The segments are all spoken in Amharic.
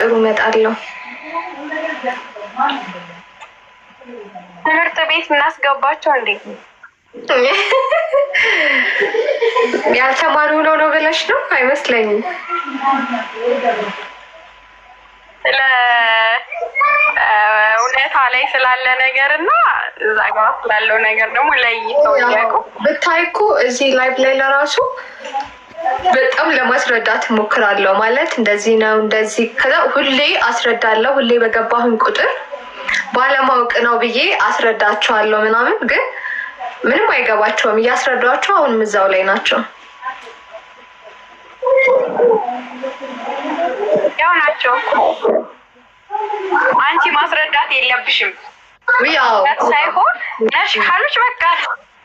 ጥሩ እመጣለሁ። ትምህርት ቤት ምናስገባቸው እንዴ? ያልተማሩ ሆነው ነው ብለሽ ነው? አይመስለኝም። ስለ እውነታ ላይ ስላለ ነገር እና እዛ ጋር ስላለው ነገር ደግሞ ለይተው ብታይ እኮ እዚህ ላይቭ ላይ ለራሱ በጣም ለማስረዳት እሞክራለሁ። ማለት እንደዚህ ነው እንደዚህ ከዛ ሁሌ አስረዳለሁ። ሁሌ በገባሁን ቁጥር ባለማወቅ ነው ብዬ አስረዳቸዋለሁ ምናምን፣ ግን ምንም አይገባቸውም። እያስረዷቸው አሁንም እዛው ላይ ናቸው። ያው ናቸው። አንቺ ማስረዳት የለብሽም ያው ሳይሆን ነሽ ካሉች በቃ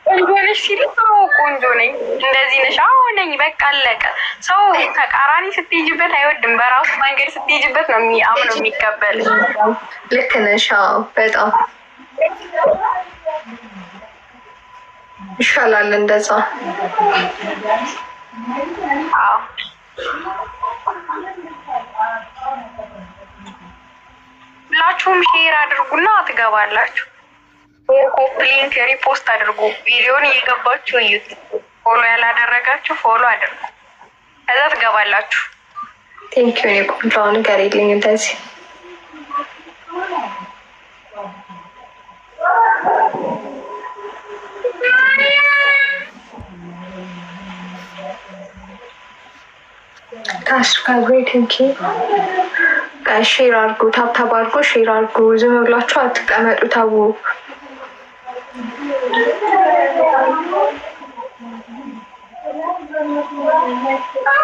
ቆንጆ ነሽ ሲልኝ ቆንጆ ነኝ እንደዚህ ነሽ ነኝ በቃ አለቀ። ሰው ተቃራኒ ስትሄጅበት አይወድም፣ በራሱ መንገድ ስትሄጅበት ነው አምኖ የሚቀበል። ልክ ነሽ። በጣም ይሻላል እንደዛ። አዎ ሁላችሁም ሼር አድርጉና ትገባላችሁ። ኮፒ ሊንክ ሪፖስት አድርጉ። ቪዲዮን እየገባችሁ እዩት። ፎሎ ያላደረጋችሁ ፎሎ አድርጉ። ከዛ ትገባላችሁ። ቴንክ ዩ ቆንጆ ነገር የለኝ እንደዚህ ታስካግሬ ቴንኪ ሼር አድርጉ፣ ታብታብ አድርጉ፣ ሼር አድርጉ። ዝም ብላችሁ አትቀመጡ። ታቡ ይዘሽ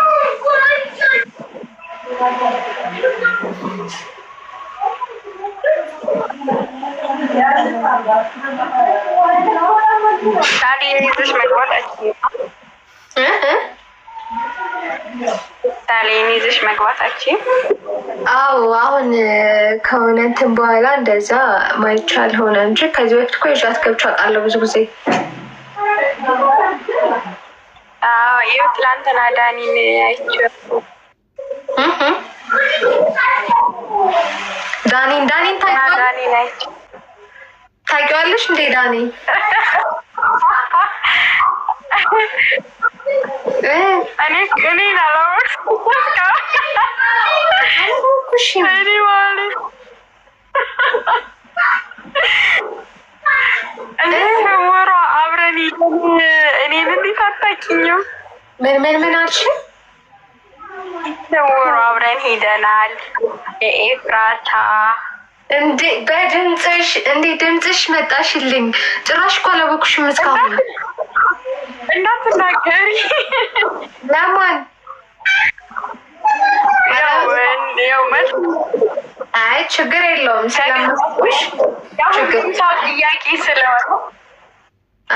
መግባት አዎ አሁን ከሆነ እንትን በኋላ እንደዛ ማይቻል ሆነ እንጂ ከዚህ በፊት እኮ ይዣት ገብቻ ጣለ ብዙ ጊዜ ትላንትና ዳኒን አይቼው ዳኒን ዳኒን ታውቂዋለሽ እንዴ? ዳኒ እኔ እኔ አብረን እኔን እንዴት አታውቂኝም? ምን ምን ምን አልሽ? ስውሩ አብረን ሄደናል። የኤፍራታ እንዴ በድምፅሽ እንዴ ድምፅሽ መጣሽልኝ። ጭራሽ እኮ አላወኩሽም እስካሁን። እንዳትናገሪ ለማን አይ ችግር የለውም ስለማስኩሽ ችግር ጥያቄ ስለሆነ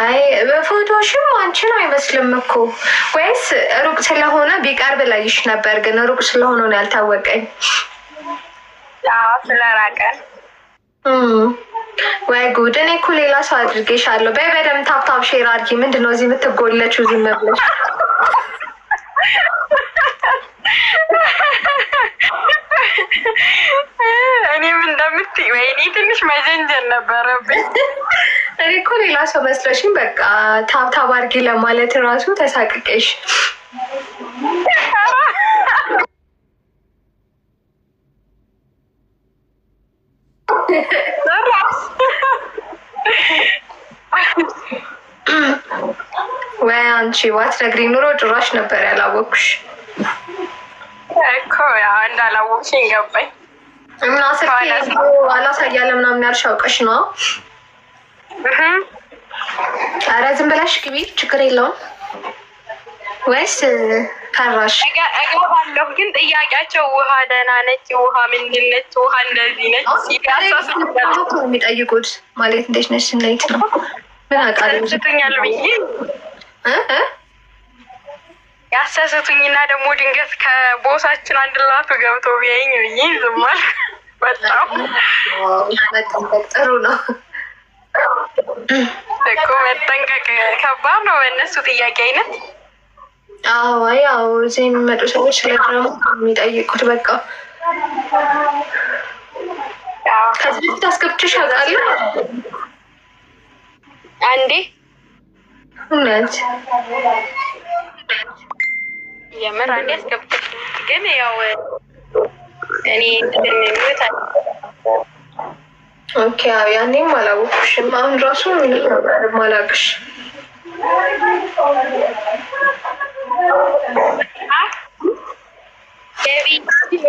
አይ በፎቶሽም አንቺን አይመስልም እኮ ወይስ ሩቅ ስለሆነ ቢቀርብ ላይሽ ነበር፣ ግን ሩቅ ስለሆነ ነው ያልታወቀኝ። ስለራቀ ወይ ጉድ! እኔ እኮ ሌላ ሰው አድርጌሻለሁ። በይ በደምብ ታፕታፕ ሼር አድርጊ። ምንድን ነው እዚህ የምትጎለችው? ዝም ብለሽ እኔም እንደምትይ ወይኔ፣ ትንሽ መጀንጀን ነበረብኝ። እኔ እኮ ሌላ ሰው መስለሽኝ በቃ ታብታብ አድርጌ ለማለት ራሱ ተሳቅቀሽ ወይ አንቺ ነግሪ ኑሮ ጭራሽ ነበር ያላወቅሽ እኮ ያው እንዳላወቅሽ ይገባኝ። ምናስ አላሳያለ ምናምን ያልሽ አውቀሽ ነው ኧረ ዝም ብለሽ ግቢ፣ ችግር የለውም። ወይስ ፈራሽ? እገባለሁ ግን ጥያቄያቸው ውሃ ደህና ነች፣ ውሃ ምንድን ነች፣ ውሃ እንደዚህ ነች የሚጠይቁት ማለት እንዴት ነች ስንለይት ነው። ምን አውቃለሁ ብዬ ያሳሰቱኝና ደግሞ ድንገት ከቦሳችን አንድ ላቱ ገብቶ ቢያይኝ ብዬ ዝም አልኩ። በጣም ጥሩ ነው። እኮ መጠንቀቅ ከባድ ነው። በእነሱ ጥያቄ አይነት አዋይ አዎ፣ እዚህ የሚመጡ ሰዎች ስለ ድራማ የሚጠይቁት በቃ ከዚህ በፊት አስገብቼሽ አውቃለሁ አንዴ። እውነት የምር አንዴ አስገብቼ ግን ያው እኔ ያኔም አላወኩሽም። አሁን ራሱ ማላቅሽ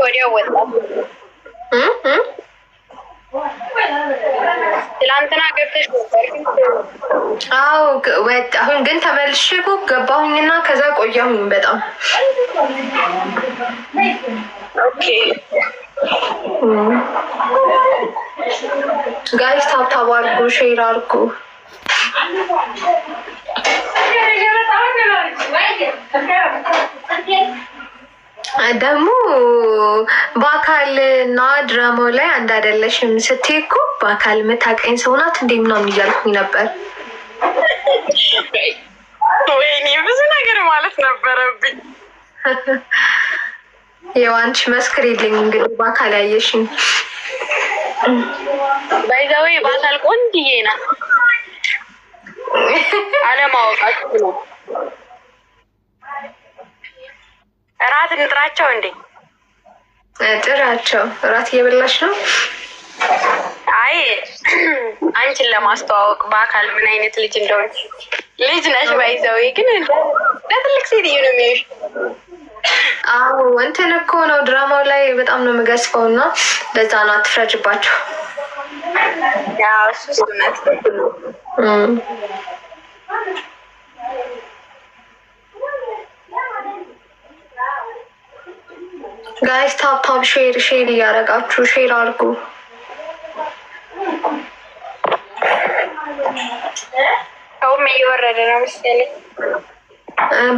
ወዲያው ወጣ። ትላንትና ገብተሽ ነበር? አዎ ወጣሁኝ፣ ግን ተመልሼ እኮ ገባሁኝና ከዛ ቆያሁኝ በጣም ኦኬ ጋይስ ታብታብ አድርጉ፣ ሼር አድርጉ። ደግሞ በአካል እና ድራማው ላይ አንድ አይደለሽም ስትይ እኮ በአካል የምታቀኝ ሰው ናት እንዴ ምናምን እያልኩኝ ነበር። ወይኔ ብዙ ነገር ማለት ነበረብኝ። የዋንች መስክር የለኝ እንግዲህ በአካል ያየሽኝ ባይዛዊ ባሳል ቆንጅዬ ናት። አለማወቃችሁ ነው። እራት እንጥራቸው እንዴ? ጥራቸው። እራት እየበላች ነው። አይ አንቺን ለማስተዋወቅ በአካል ምን አይነት ልጅ እንደሆነ ልጅ ነሽ። ባይዘዊ ግን ለትልቅ ሴትዮ ነው የሚያዩሽ አዎ እንትን እኮ ነው ድራማው ላይ በጣም ነው የምገዝፈው እና ለዛ ነው አትፍረጅባቸው። ጋይስ ታፕታፕ ሼር ሼር እያደረጋችሁ ሼር አድርጉ። ሰውም እየወረደ ነው መሰለኝ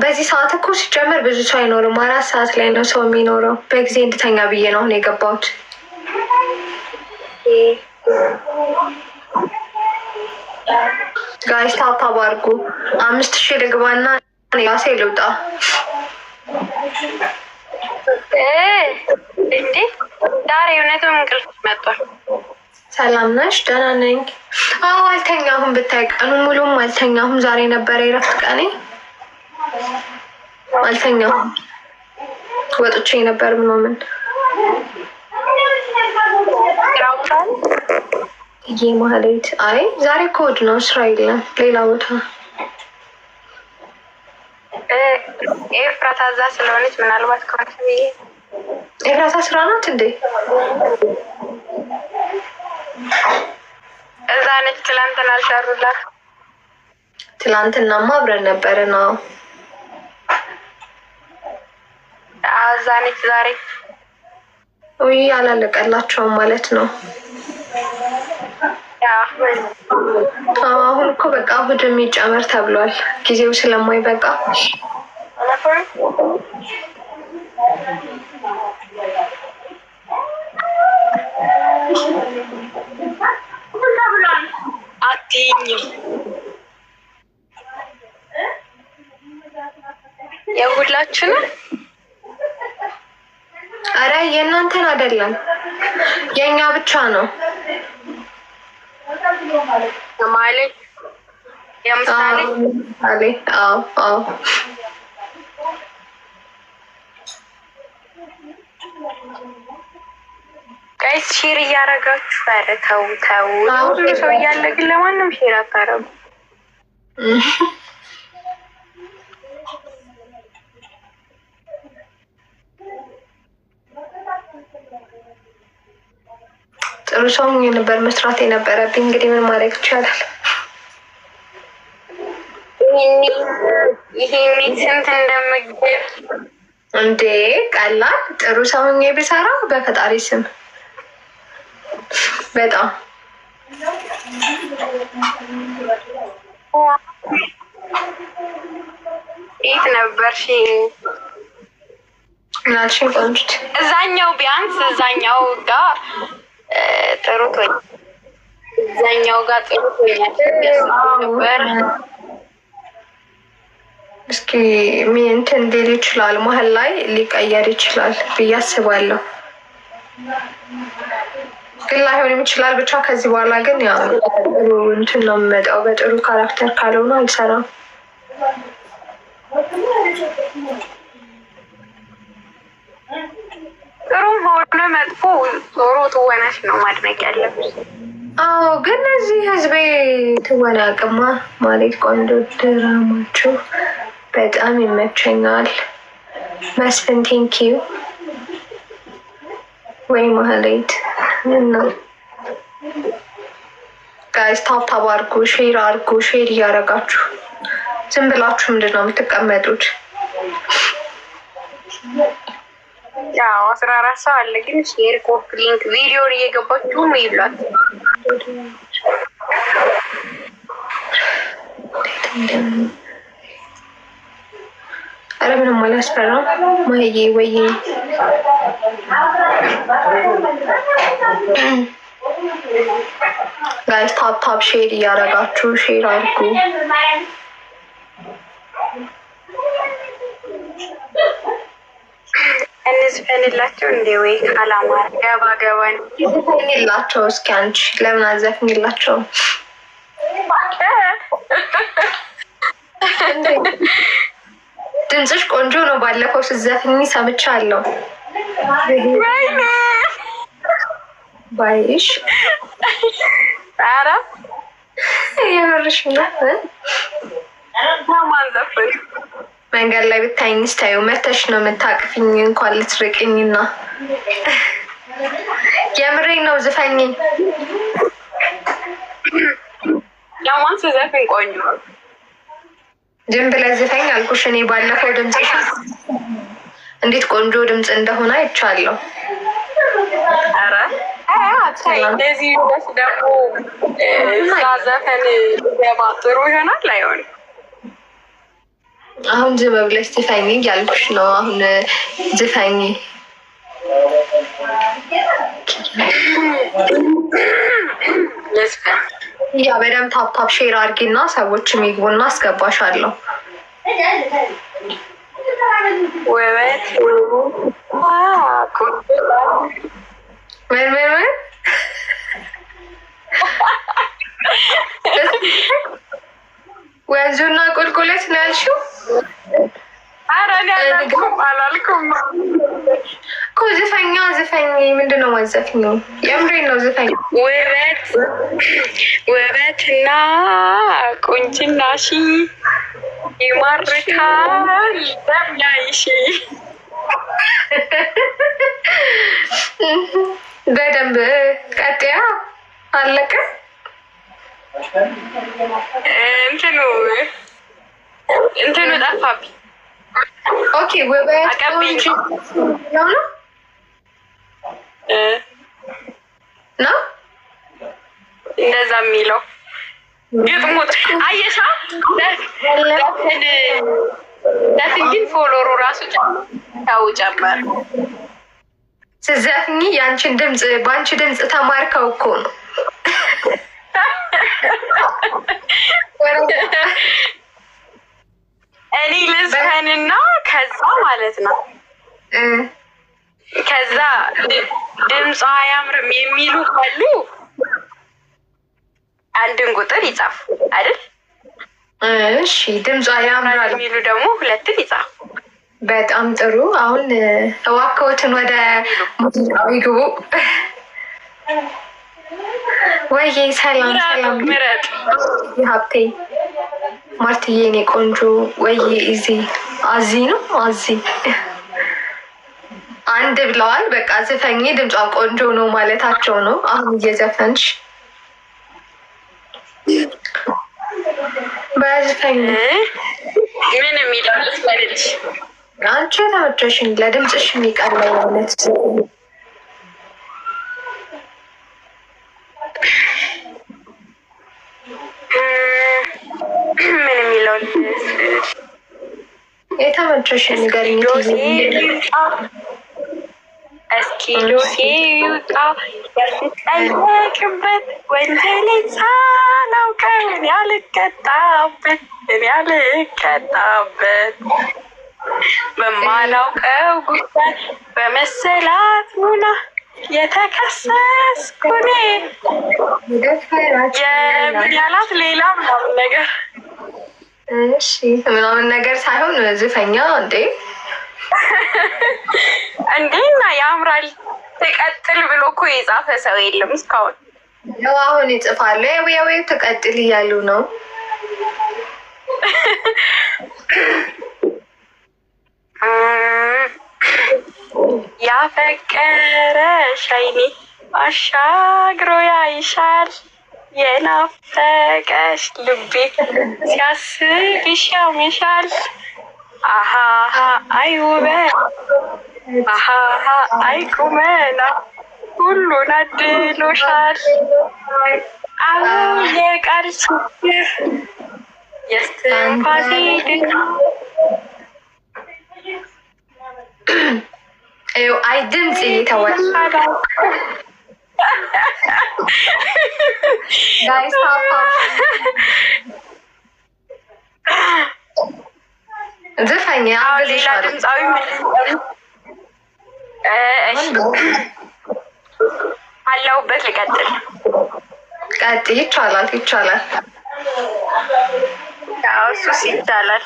በዚህ ሰዓት እኮ ሲጀመር ብዙ ሰው አይኖርም። አራት ሰዓት ላይ ነው ሰው የሚኖረው። በጊዜ እንድተኛ ብዬ ነው አሁን የገባሁት። ጋይስ ታፕ አድርጉ። አምስት ሺህ ልግባና ራሴ ልውጣ እንዴ። ዳሬ እውነትም እንቅልፍ መጧል። ሰላም ነሽ? ደህና ነኝ። አዎ አልተኛሁም፣ ብታይ ቀኑ ሙሉም አልተኛሁም። ዛሬ ነበረ የእረፍት ቀኔ። አልተኛሁም። ወጥቼ ነበር ምናምን ይሄ ማለት አይ ዛሬ ኮድ ነው፣ ስራ የለም ሌላ ቦታ ኤፍራታ እዛ ስለሆነች ምናልባት ከሆነ ብዬ ኤፍራታ ስራ ናት እንዴ? እዛ ነች። ትላንትና አልሰሩላት። ትላንትናማ አብረን ነበርን። ነው። አዛኔት ዛሬ ውይ አላለቀላቸውም ማለት ነው። አሁን እኮ በቃ እሑድ የሚጨመር ተብሏል፣ ጊዜው ስለማይበቃ አትይኝም። የሁላችንም አረ የእናንተን አይደለም የእኛ ብቻ ነው ማለት የምሳሌ አዎ አዎ ጋይስ ሼር እያደረጋችሁ ኧረ ተው ተው ሰው እያለ ግን ለማንም ሼር አታረጉ ሰው ነበር መስራት የነበረብኝ። እንግዲህ ምን ማድረግ ይቻላል? ስንት እንደምግብ እንዴ! ቀላል ጥሩ ሰው ቢሰራ በፈጣሪ ስም በጣም የት ነበርሽ? ናችን ቆንጆ እዛኛው ቢያንስ እዛኛው ጋር ጥሩ እዛኛው ጋር ጥሩ ነበር። እስኪ እንትን ሊል ይችላል፣ መሀል ላይ ሊቀየር ይችላል ብዬ አስባለሁ። ግን ላይሆንም ይችላል። ብቻ ከዚህ በኋላ ግን ያው ጥሩ እንትን ነው የሚመጣው። በጥሩ ካራክተር ካልሆነ አልሰራም። ሆነ መጥፎ ዞሮ ትወናሽ ነው ማድነቅ ያለብሽ። አዎ ግን እዚህ ህዝቤ ትወና አቅማ ማለት ቆንጆ ድራማቸው በጣም ይመቸኛል። መስፍን ቴንኪዩ ወይ ማህሌት ነው ጋይስ ታብታብ አርጉ፣ ሼር አርጉ። ሼር እያደረጋችሁ ዝም ብላችሁ ምንድን ነው የምትቀመጡት? አስራ አራት ሰው አለ ግን ሼር ኮፒ ሊንክ ቪዲዮን እየገባችሁ ነው ይሏል። ኧረ ምንም አላስፈራም። ማዬ ወይ ጋይስ ታፕ ታፕ ሼር እያደረጋችሁ ሼር አድርጉ። እንዴ? ወይ ካላማረ ገባ ገባ ዘፍኝላቸው እስኪ አንቺ ለምን አዘፍኝላቸው? ድምፅሽ ቆንጆ ነው። ባለፈው ስዘፍኝ ሰምቻለሁ። ባይሽ ኧረ የምርሽ ነው። መንገድ ላይ ብታይኝ ስታዩ መተሽ ነው የምታቅፍኝ እንኳን ልትርቅኝና የምሬን ነው። ዝፈኝ ለማን ስዘፍን ቆንጆ ዝም ብለህ ዝፈኝ አልኩሽ። እኔ ባለፈው ድምፅ እንዴት ቆንጆ ድምፅ እንደሆነ አይቻለሁ። ኧረ እንደዚህ ደስ ደግሞ እዛ ዘፈን ገባ ጥሩ ይሆናል። አይሆንም አሁን ዝም ብለሽ ዝፈኝ እያልኩሽ ነው። አሁን ዝፈኝ ያ በደምብ ታፕታፕ ሼር አድርጊና ሰዎች የሚግቡና አስገባሻለሁ። ምን ምን ምን ቁልቁለት ነው ያልሽው? እኮ ዝፈኛ ዝፈኝ ምንድን ነው ማዘፍኛው? ነው ዝፈኝ። ውበት ውበትና ቁንጅናሽ ይማርካል በደንብ ቀጥያ አለቀ እንትኑ እንትኑ ጠፋብኝ። ኦኬ ወበያት ነው ነው እንደዛ የሚለው ግጥሙት አየሻ ዘፍን ግን ፎሎሩ ራሱ ጫው ጨመር ስዘፍኝ የአንቺን ድምፅ በአንቺ ድምፅ ተማርከው እኮ ነው እኔ ልዝፈንና ከዛ ማለት ነው ከዛ ድምጿ አያምርም የሚሉ ካሉ አንድን ቁጥር ይጻፉ አይደል? እሺ ድምጿ አያምራል የሚሉ ደግሞ ሁለትን ይጻፉ። በጣም ጥሩ። አሁን እዋከውትን ወደ ሙዚቃዊ ግቡ። ወይ ሰላም ሰላም፣ ሀብቴ ማርትዬ፣ እኔ ቆንጆ ወይ እዚ አዚ ነው አዚ አንድ ብለዋል። በቃ ዝፈኝ ድምጿ ቆንጆ ነው ማለታቸው ነው። አሁን እየዘፈንሽ በዘፈኝ ምን የሚለው አንቺ ተመቸሽኝ ለድምፅሽ የሚቀለው ምን የሚለውን የተመቸሽ ንገሪኝ። እስኪ ዶሴ ይውጣ ያልጠየቅበት ወንጀል ሳላውቀው እኔ አልቀጣበት እኔ አልቀጣበት በማላውቀው ጉዳይ በመሰላት ሙና የተከሰስኩ እኔ የምን ሌላ ምናምን ነገር እሺ ምናምን ነገር ሳይሆን ዝፈኛ እንዴ እንዴና ያምራል ትቀጥል ብሎ እኮ የጻፈ ሰው የለም እስካሁን። ያው አሁን ይጽፋሉ ያው ትቀጥል እያሉ ነው። ያፈቀረሽ አይኔ አሻግሮ ያይሻል የናፈቀሽ ልቤ ሲያስብሽ ያምሻል። አሃሃ አይ ውበት አይቁመና ሁሉን አድሎሻል። አሁ የቃል ችግር የስትንፋሴ ድግ አይ ድምፅ እየተወል ዝፈኝ ሌላ ድምፃዊ አለሁበት። ልቀጥል? ቀጥ ይቻላል፣ ይቻላል፣ እሱስ ይቻላል።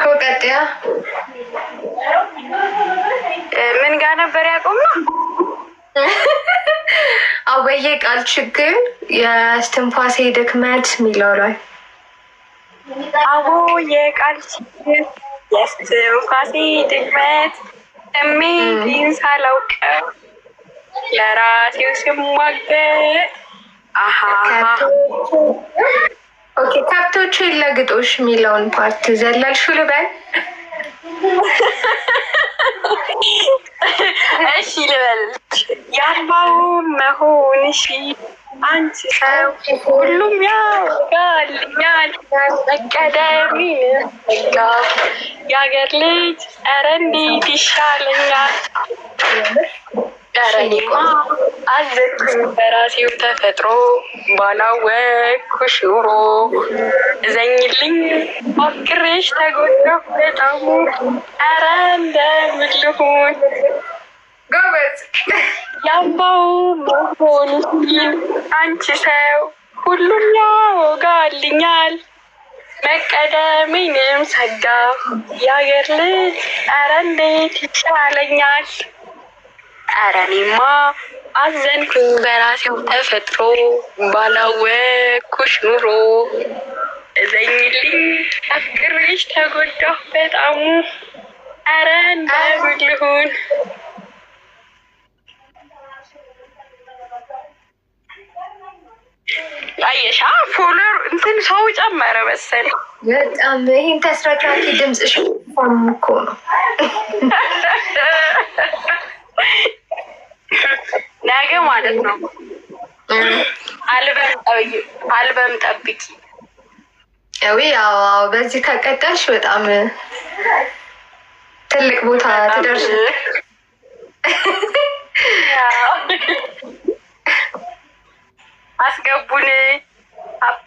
ከቀጥያ ምን ጋ ነበር ያቆም ነው? አዎ በየቃል ችግር የስትንፋሴ ድክመት የሚለው ላይ አዎ የቃል ችግር የስትንፋሴ ድክመት እሚን ሳላውቀው ለራሴው ስሟገጥ ኦኬ ከብቶቹ ይለግጦሽ የሚለውን ፓርት ዘለልሹ ልበል እሺ ልበል የአርባው መሆንሽ አንቺ ሰው ሁሉም ያውቃል እኛን መቀደሚን የአገር ልጅ ኧረ እንዴት ይሻለኛል አዘኩኝ በራሴው ተፈጥሮ ባላወቅኩ ሽሮ እዘኝልኝ ሞክሬሽ ተጎዳሁ በጣሙ ኧረ እንደምን ልሁን ጎበዝ ያምባው መሆኑ ሲል አንቺ ሰው ሁሉም ያወጋልኛል መቀደሜንም ሰጋ የአገር ልጅ ኧረ እንዴት ይሻለኛል ኧረ እኔማ አዘንኩኝ በራሴው ተፈጥሮ ባላወኩሽ ኑሮ እዘኝልኝ አፍቅሬሽ ተጎዳሁ በጣሙ ኧረ እንደ አየሻ ፎሎር እንትን ሰው ጨመረ መሰለኝ። በጣም ይህን ተስረካኪ ድምጽ ሽፋም እኮ ነው። ነገ ማለት ነው። አልበም ጠብቂ። ዊ ያው በዚህ ከቀጠልሽ በጣም ትልቅ ቦታ ትደርሽ። አስገቡን አፔ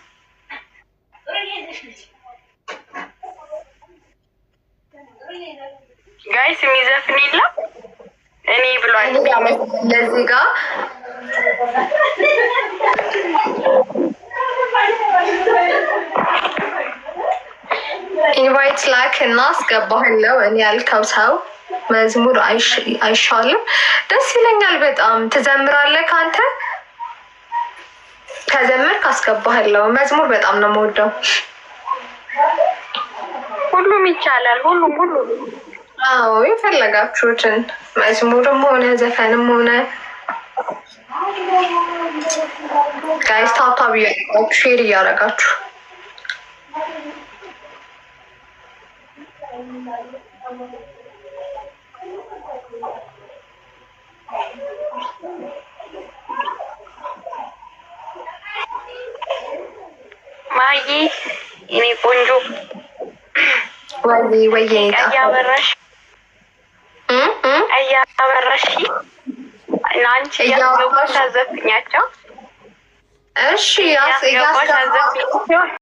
ላይስ የሚዘፍን የለም እኔ ብሏል። ለዚህ ኢንቫይት ላክ እና አስገባህለው። እኔ ያልከው ሰው መዝሙር አይሻልም? ደስ ይለኛል በጣም። ትዘምራለህ ከአንተ ከዘመርክ አስገባህለው። መዝሙር በጣም ነው የምወደው። ሁሉም ይቻላል። ሁሉም ሁሉም አዎ የፈለጋችሁትን መዝሙርም ሆነ ዘፈንም ሆነ ጋይስ ታታ ብያችሁ ሼር እያደረጋችሁ ማዬ የኔ ቆንጆ ወይ ወይ ያበራሽ እያበረሽ ናንቺ እያስገባሽ አዘፍኛቸው። እሺ እያስገባሽ አዘፍኛቸው።